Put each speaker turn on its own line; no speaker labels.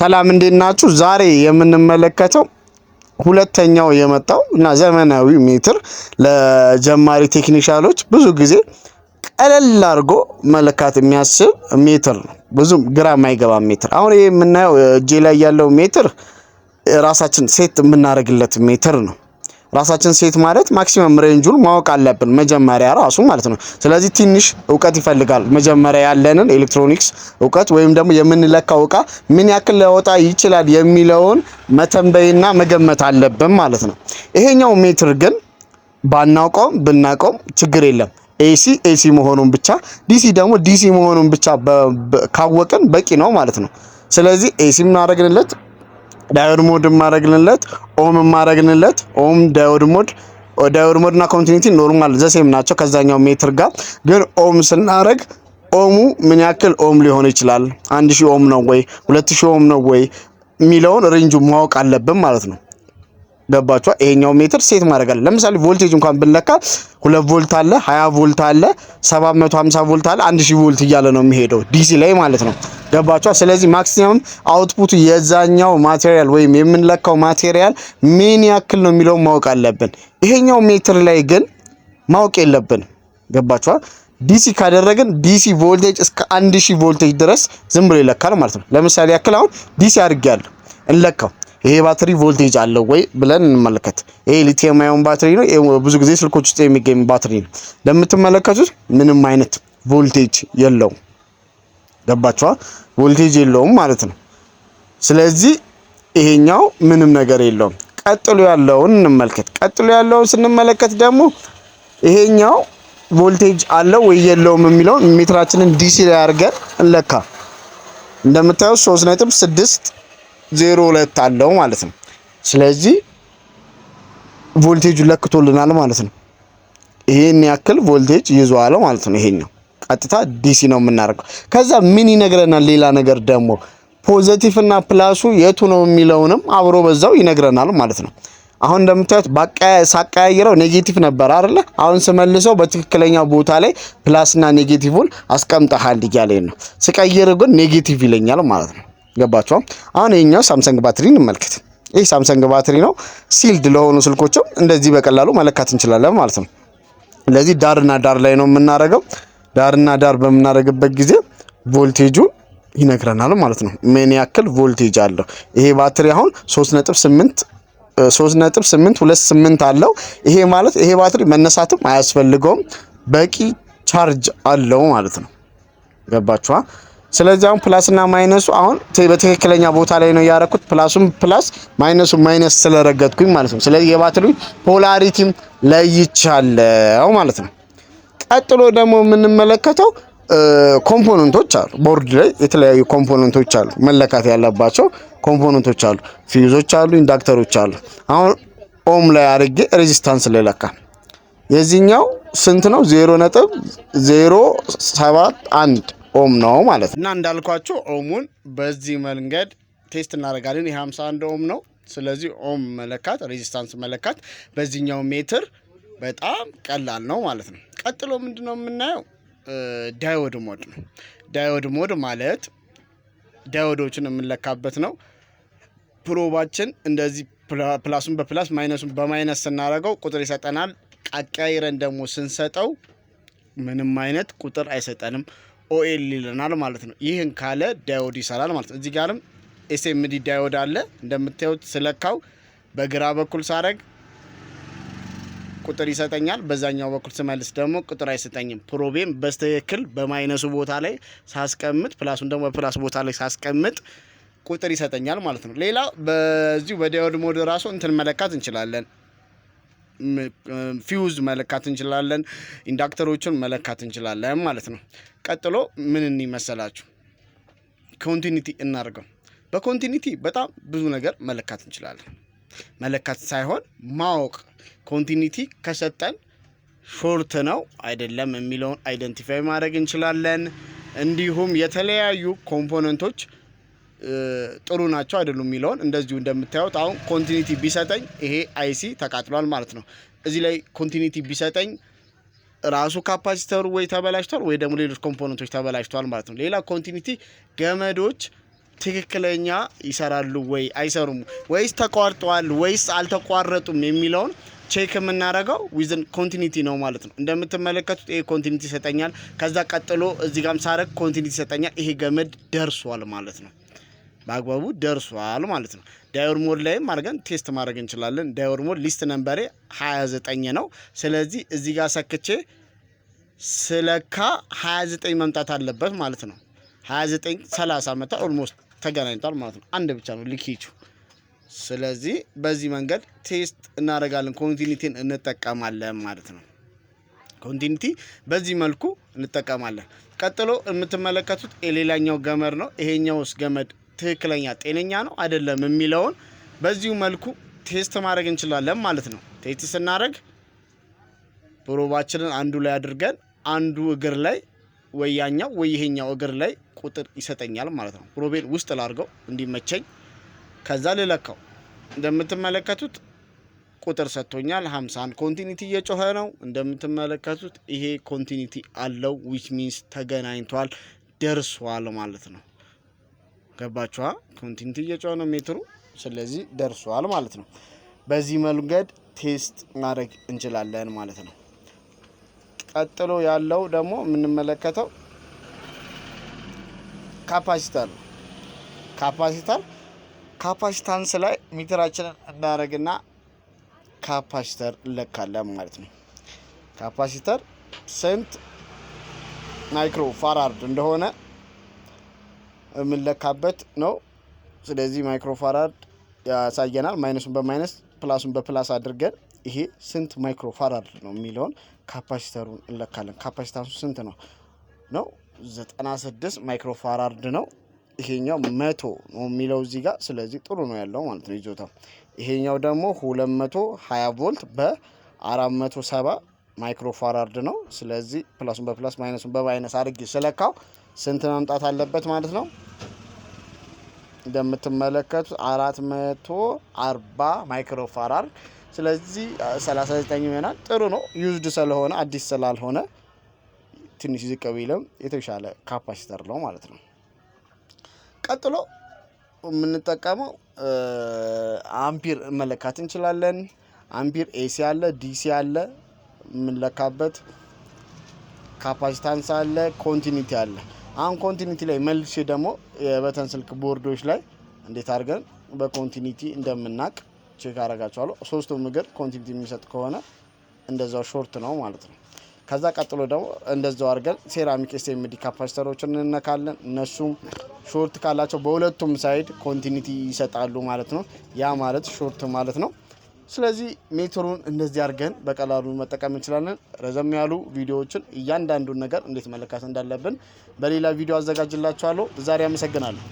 ሰላም እንዴት ናችሁ? ዛሬ የምንመለከተው ሁለተኛው የመጣው እና ዘመናዊ ሜትር ለጀማሪ ቴክኒሻሎች ብዙ ጊዜ ቀለል አድርጎ መለካት የሚያስብ ሜትር ነው። ብዙም ግራ የማይገባ ሜትር። አሁን ይህ የምናየው እጄ ላይ ያለው ሜትር ራሳችን ሴት የምናደርግለት ሜትር ነው። ራሳችን ሴት ማለት ማክሲመም ሬንጁን ማወቅ አለብን መጀመሪያ ራሱ ማለት ነው። ስለዚህ ትንሽ እውቀት ይፈልጋል። መጀመሪያ ያለንን ኤሌክትሮኒክስ እውቀት ወይም ደግሞ የምንለካው እቃ ምን ያክል ሊያወጣ ይችላል የሚለውን መተንበይና መገመት አለብን ማለት ነው። ይሄኛው ሜትር ግን ባናውቀውም ብናውቀውም ችግር የለም። ኤሲ ኤሲ መሆኑን ብቻ ዲሲ ደግሞ ዲሲ መሆኑን ብቻ ካወቅን በቂ ነው ማለት ነው። ስለዚህ ኤሲ ምን ዳዮድ ሞድ ማረግንለት ኦም ማረግንለት ኦም ዳዮድ ሞድ ዳዮድ ሞድ እና ኮንቲኒቲ ኖርማል ዘሴም ናቸው ከዛኛው ሜትር ጋር ግን ኦም ስናረግ ኦሙ ምን ያክል ኦም ሊሆን ይችላል? አንድ ሺህ ኦም ነው ወይ ሁለት ሺህ ኦም ነው ወይ የሚለውን ሬንጁ ማወቅ አለብን ማለት ነው። ገባችኋ? ይሄኛው ሜትር ሴት ማድረግ አለ። ለምሳሌ ቮልቴጅ እንኳን ብንለካ ሁለት ቮልት አለ፣ 20 ቮልት አለ፣ 750 ቮልት አለ፣ 1000 ቮልት እያለ ነው የሚሄደው ዲሲ ላይ ማለት ነው። ገባችኋ? ስለዚህ ማክሲመም አውትፑቱ የዛኛው ማቴሪያል ወይም የምንለካው ማቴሪያል ምን ያክል ነው የሚለው ማወቅ አለብን። ይሄኛው ሜትር ላይ ግን ማወቅ የለብን። ገባችኋ? ዲሲ ካደረግን ዲሲ ቮልቴጅ እስከ 1000 ቮልቴጅ ድረስ ዝም ብሎ ይለካል ማለት ነው። ለምሳሌ ያክል አሁን ዲሲ አድርጌያለሁ እንለካው ይሄ ባትሪ ቮልቴጅ አለው ወይ ብለን እንመለከት። ይሄ ሊቲየም አዮን ባትሪ ነው። ብዙ ጊዜ ስልኮች ውስጥ የሚገኝ ባትሪ ነው። እንደምትመለከቱት ምንም አይነት ቮልቴጅ የለውም። ገባችኋ? ቮልቴጅ የለውም ማለት ነው። ስለዚህ ይሄኛው ምንም ነገር የለውም። ቀጥሎ ያለውን እንመልከት። ቀጥሎ ያለውን ስንመለከት ደግሞ ይሄኛው ቮልቴጅ አለው ወይ የለውም የሚለውን ሜትራችንን ዲሲ ላይ አድርገን እንለካ። እንደምታዩት 3.6 ዜሮ ሁለት አለው ማለት ነው። ስለዚህ ቮልቴጁ ለክቶልናል ማለት ነው። ይሄን ያክል ቮልቴጅ ይዟል ማለት ነው። ይሄኛው ቀጥታ ዲሲ ነው የምናደርገው። ከዛ ምን ይነግረናል? ሌላ ነገር ደግሞ ፖዘቲቭ እና ፕላሱ የቱ ነው የሚለውንም አብሮ በዛው ይነግረናል ማለት ነው። አሁን እንደምታዩት ሳቀያይረው ኔጌቲቭ ነበር አይደለ? አሁን ስመልሰው በትክክለኛ ቦታ ላይ ፕላስና ኔጌቲቭን አስቀምጠሃል እያለኝ ነው። ስቀይር ግን ኔጌቲቭ ይለኛል ማለት ነው። ገባችኋ? አሁን ይሄኛው ሳምሰንግ ባትሪ እንመልከት። ይህ ሳምሰንግ ባትሪ ነው። ሲልድ ለሆኑ ስልኮችም እንደዚህ በቀላሉ መለካት እንችላለን ማለት ነው። ለዚህ ዳርና ዳር ላይ ነው የምናደርገው። ዳርና ዳር በምናደርግበት ጊዜ ቮልቴጁን ይነግረናል ማለት ነው። ምን ያክል ቮልቴጅ አለው ይሄ ባትሪ አሁን 3.8 3.828 አለው። ይሄ ማለት ይሄ ባትሪ መነሳትም አያስፈልገውም በቂ ቻርጅ አለው ማለት ነው። ገባችኋ? ስለዚህ አሁን ፕላስና ማይነሱ አሁን በትክክለኛ ቦታ ላይ ነው ያረኩት። ፕላሱም ፕላስ ማይነሱ ማይነስ ስለረገጥኩኝ ማለት ነው። ስለዚህ የባትሪ ፖላሪቲም ለይቻለው ማለት ነው። ቀጥሎ ደግሞ የምንመለከተው ኮምፖነንቶች አሉ። ቦርድ ላይ የተለያዩ ኮምፖነንቶች አሉ፣ መለካት ያለባቸው ኮምፖነንቶች አሉ። ፊዩዞች አሉ፣ ኢንዳክተሮች አሉ። አሁን ኦም ላይ አድርጌ ሬዚስታንስ ልለካ። የዚህኛው ስንት ነው? ዜሮ ነጥብ ዜሮ ሰባት አንድ ኦም ነው ማለት ነው እና እንዳልኳቸው ኦሙን በዚህ መንገድ ቴስት እናደርጋለን። የ51 ኦም ነው። ስለዚህ ኦም መለካት ሬዚስታንስ መለካት በዚህኛው ሜትር በጣም ቀላል ነው ማለት ነው። ቀጥሎ ምንድን ነው የምናየው? ዳዮድ ሞድ ነው። ዳዮድ ሞድ ማለት ዳዮዶችን የምንለካበት ነው። ፕሮባችን እንደዚህ ፕላሱን በፕላስ ማይነሱን በማይነስ ስናደርገው ቁጥር ይሰጠናል። አቀያይረን ደግሞ ስንሰጠው ምንም አይነት ቁጥር አይሰጠንም። ኦኤል ይለናል ማለት ነው። ይህን ካለ ዳዮድ ይሰራል ማለት ነው። እዚህ ጋርም ኤስኤምዲ ዳዮድ አለ እንደምታዩት። ስለካው በግራ በኩል ሳረግ ቁጥር ይሰጠኛል፣ በዛኛው በኩል ስመልስ ደግሞ ቁጥር አይሰጠኝም። ፕሮቤም በስትክክል በማይነሱ ቦታ ላይ ሳስቀምጥ፣ ፕላሱን ደግሞ በፕላስ ቦታ ላይ ሳስቀምጥ ቁጥር ይሰጠኛል ማለት ነው። ሌላ በዚሁ በዳዮድ ሞድ ራሱ እንትን መለካት እንችላለን ፊውዝ መለካት እንችላለን። ኢንዳክተሮቹን መለካት እንችላለን ማለት ነው። ቀጥሎ ምን እንመሰላችሁ ኮንቲኒቲ እናርገው በኮንቲኒቲ በጣም ብዙ ነገር መለካት እንችላለን። መለካት ሳይሆን ማወቅ ኮንቲኒቲ ከሰጠን ሾርት ነው አይደለም የሚለውን አይደንቲፋይ ማድረግ እንችላለን። እንዲሁም የተለያዩ ኮምፖነንቶች ጥሩ ናቸው አይደሉም የሚለውን እንደዚሁ እንደምታዩት አሁን ኮንቲኒቲ ቢሰጠኝ ይሄ አይሲ ተቃጥሏል ማለት ነው። እዚህ ላይ ኮንቲኒቲ ቢሰጠኝ ራሱ ካፓሲተሩ ወይ ተበላሽቷል ወይ ደግሞ ሌሎች ኮምፖነንቶች ተበላሽቷል ማለት ነው። ሌላ ኮንቲኒቲ ገመዶች ትክክለኛ ይሰራሉ ወይ አይሰሩም፣ ወይስ ተቋርጠዋል ወይስ አልተቋረጡም የሚለውን ቼክ የምናደርገው ዊዝን ኮንቲኒቲ ነው ማለት ነው። እንደምትመለከቱት ይሄ ኮንቲኒቲ ይሰጠኛል። ከዛ ቀጥሎ እዚህ ጋም ሳረግ ኮንቲኒቲ ይሰጠኛል። ይሄ ገመድ ደርሷል ማለት ነው። በአግባቡ ደርሷል ማለት ነው። ሞድ ላይም አድርገን ቴስት ማድረግ እንችላለን። ሞድ ሊስት ነንበሬ 29 ነው። ስለዚህ እዚህ ጋር ሰክቼ ስለካ 29 መምጣት አለበት ማለት ነው። 29 30 ኦልሞስት ተገናኝቷል ማለት ነው። አንድ ብቻ ነው ልኪቹ። ስለዚህ በዚህ መንገድ ቴስት እናደርጋለን። ኮንቲኒቲን እንጠቀማለን ማለት ነው። ኮንቲኒቲ በዚህ መልኩ እንጠቀማለን። ቀጥሎ የምትመለከቱት የሌላኛው ገመድ ነው። ይሄኛውስ ገመድ ትክክለኛ ጤነኛ ነው አይደለም የሚለውን በዚሁ መልኩ ቴስት ማድረግ እንችላለን ማለት ነው። ቴስት ስናደረግ ፕሮባችንን አንዱ ላይ አድርገን አንዱ እግር ላይ ወያኛው ወይሄኛው እግር ላይ ቁጥር ይሰጠኛል ማለት ነው። ብሮቤን ውስጥ ላድርገው እንዲመቸኝ፣ ከዛ ልለካው። እንደምትመለከቱት ቁጥር ሰጥቶኛል 50። ኮንቲኒቲ እየጮኸ ነው እንደምትመለከቱት። ይሄ ኮንቲኒቲ አለው ዊች ሚንስ ተገናኝቷል ደርሷል ማለት ነው። ገባችኋ? ኮንቲኒቲ እየጨው ነው ሜትሩ። ስለዚህ ደርሷል ማለት ነው። በዚህ መንገድ ቴስት ማድረግ እንችላለን ማለት ነው። ቀጥሎ ያለው ደግሞ የምንመለከተው ካፓሲተር ነው። ካፓሲተር ካፓሲታንስ ላይ ሜትራችንን እናደርግና ካፓሲተር እንለካለን ማለት ነው። ካፓሲተር ስንት ማይክሮ ፋራርድ እንደሆነ የምንለካበት ነው። ስለዚህ ማይክሮፋራድ ያሳየናል። ማይነሱን በማይነስ ፕላሱን በፕላስ አድርገን ይሄ ስንት ማይክሮፋራድ ነው የሚለውን ካፓሲተሩን እንለካለን። ካፓሲታንሱ ስንት ነው ነው 96 ማይክሮፋራርድ ነው። ይሄኛው መቶ ነው የሚለው እዚህ ጋር። ስለዚህ ጥሩ ነው ያለው ማለት ነው ይዞታው። ይሄኛው ደግሞ 220 ቮልት በ470 ማይክሮፋራርድ ነው። ስለዚህ ፕላሱን በፕላስ ማይነሱን በማይነስ አድርጌ ስለካው ስንት መምጣት አለበት ማለት ነው? እንደምትመለከቱት አራት መቶ አርባ ማይክሮፋራድ ስለዚህ 39 ይሆናል። ጥሩ ነው። ዩዝድ ስለሆነ አዲስ ስላልሆነ ትንሽ ዝቅ ቢልም የተሻለ ካፓሲተር ነው ማለት ነው። ቀጥሎ የምንጠቀመው አምፒር መለካት እንችላለን። አምፒር ኤሲ አለ፣ ዲሲ አለ፣ የምንለካበት ካፓሲታንስ አለ፣ ኮንቲኒቲ አለ። አሁን ኮንቲኒቲ ላይ መልሼ ደግሞ የበተን ስልክ ቦርዶች ላይ እንዴት አድርገን በኮንቲኒቲ እንደምናቅ ቼክ አረጋቸዋለሁ። ሶስቱም እግር ኮንቲኒቲ የሚሰጥ ከሆነ እንደዛው ሾርት ነው ማለት ነው። ከዛ ቀጥሎ ደግሞ እንደዛው አድርገን ሴራሚክ ኤስኤምዲ ካፓሲተሮችን እንነካለን። እነሱም ሾርት ካላቸው በሁለቱም ሳይድ ኮንቲኒቲ ይሰጣሉ ማለት ነው። ያ ማለት ሾርት ማለት ነው። ስለዚህ ሜትሩን እንደዚህ አድርገን በቀላሉ መጠቀም እንችላለን። ረዘም ያሉ ቪዲዮዎችን እያንዳንዱን ነገር እንዴት መለካት እንዳለብን በሌላ ቪዲዮ አዘጋጅላችኋለሁ። ዛሬ አመሰግናለሁ።